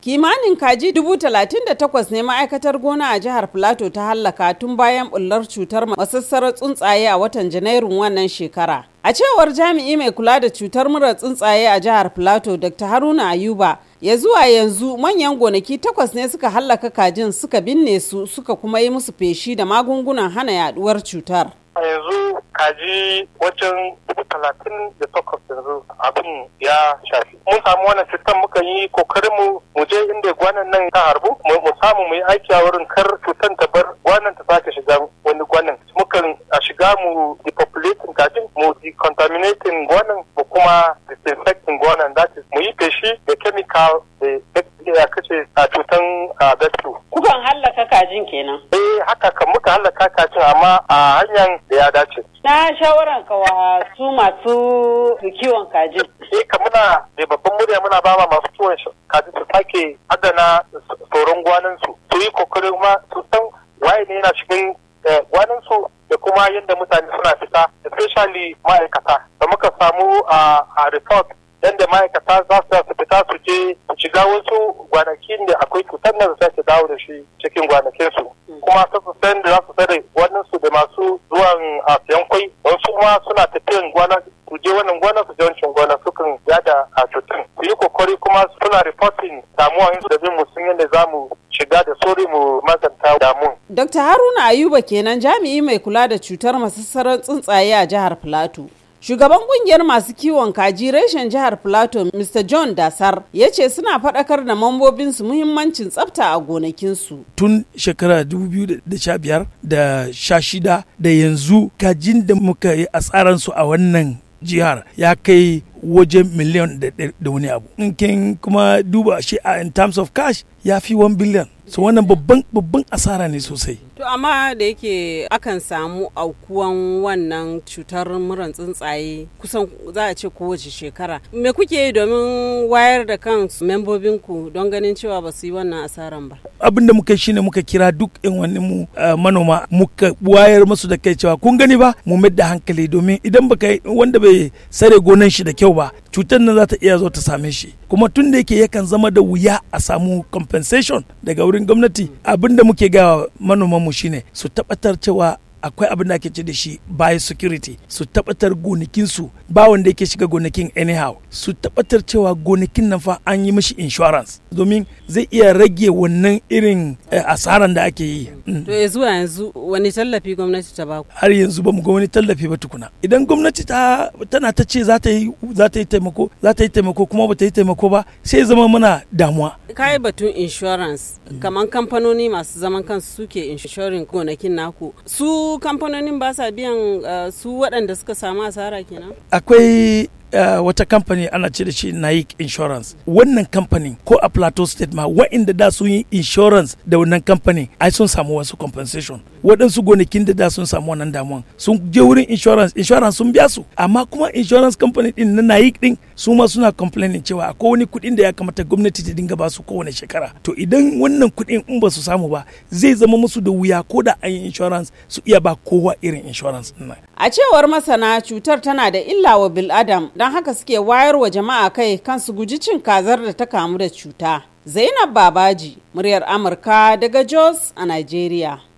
kimanin kaji 38,000 ne ma'aikatar gona a jihar plateau ta hallaka tun bayan bullar cutar masassarar tsuntsaye a watan janairun wannan shekara a cewar jami'i mai kula da cutar mura tsuntsaye a jihar plateau dr haruna ayuba ya zuwa yanzu manyan gonaki takwas ne suka hallaka kajin suka binne su suka kuma yi musu feshi da magungunan hana yaduwar cutar yanzu kaji wajen talatin da takwas yanzu abin ya shafi mun samu wannan cutar muka yi kokarin mu mu je inda gwanan nan ta harbu mu samu mu yi aiki a wurin kar cutar ta bar gwanan ta sake shiga wani gwanan mukan a shiga mu depopulating kafin mu decontaminating gwanan mu kuma disinfecting gwanan that is mu yi feshi da chemical da ya kace a cutan a Kukan hallaka kajin kenan. Eh haka kan muka hallaka A a hanyar da ya dace. Na shawaran kawa su masu kiwon kaji. Eh ka muna mai babban murya muna ba ma masu kiwon kaji su sake adana tsoron gwanin su. Su yi kokarin ma su san waye ne yana shigar eh, gwanin su da kuma yadda mutane suna fita especially ma'aikata. Da muka samu a resort yadda ma'aikata za su fita su je shiga wasu gwanakin da akwai cutar nan za su dawo da shi cikin gwanakinsu. su mm. kuma su san da za su tsare wannan zuwan a ah, sayan kwai wasu ma suna tafiyan gwana su je wannan gwana su je wancan gwana sukan yada a ah, cutan su yi kokari kuma suna reporting damuwa da bin mu sun yadda za mu shiga da sori mu maganta damuwa. Dr. Haruna Ayuba kenan jami'i mai kula da cutar masassarar tsuntsaye a jihar Filato. Shugaban kungiyar masu kiwon kaji reshen jihar Plateau Mr. John Dasar ya ce suna faɗakar da mambobinsu muhimmancin tsafta a gonakinsu. Tun shekara 2015 da 16, da yanzu kajin da muka yi a su a wannan jihar ya kai wajen miliyan da wani abu. In kin kuma duba shi a in terms of cash ya fi 1 billion so wannan babban babban asara ne sosai to amma da yake akan samu aukuwan wannan cutar muran tsuntsaye kusan za a ce kowace shekara me kuke yi domin wayar da kan membobinku don ganin cewa ba su yi wannan asaran ba abin da muka shine muka kira duk in wani mu manoma muka wayar musu da kai cewa kun gani ba mu mai da hankali domin idan baka wanda bai sare gonan shi da kyau ba cutar nan za ta iya zo ta same shi kuma tun da yake yakan zama da wuya a samu compensation daga wurin gwamnati abin da muke ga manoman mu shine su tabbatar cewa akwai abin da ake ce da shi biosecurity su tabbatar gonakinsu ba wanda yake shiga gonakin anyhow su tabbatar cewa gonakin nan fa an yi mishi insurance domin zai iya rage wannan irin eh, asaran da ake yi mm. to ya zuwa yanzu wani tallafi gwamnati ta baku har yanzu ba mu ga wani tallafi ba tukuna idan gwamnati ta tana ta ce za ta yi za ta yi taimako za ta yi taimako kuma ba ta yi taimako ba sai zama muna damuwa kai batun insurance kamar kamfanoni masu zaman kansu suke insuring gonakin naku su kamfanonin ba sa biyan eh, su waɗanda suka samu asara kenan akwai eh, wata kamfani ana ce da shi Naik Insurance. Wannan kamfani ko a Plateau State ma waɗanda da sun yi insurance da wannan kamfani ai sun samu wasu compensation. Waɗansu gonakin da da sun samu wannan damuwan sun je wurin insurance insurance sun biya su amma kuma insurance company din na Naik din su ma suna complaining cewa akwai wani kuɗin da ya kamata gwamnati ta dinga ba su kowane shekara to idan wannan kuɗin in ba su samu ba zai zama musu da wuya ko da an yi insurance su iya ba kowa irin insurance ɗin a cewar masana cutar tana da illa wa bil'adam don haka suke wayar wa jama'a kai kan su guji cin kazar da ta kamu da cuta zainab babaji muryar amurka daga jos a nigeria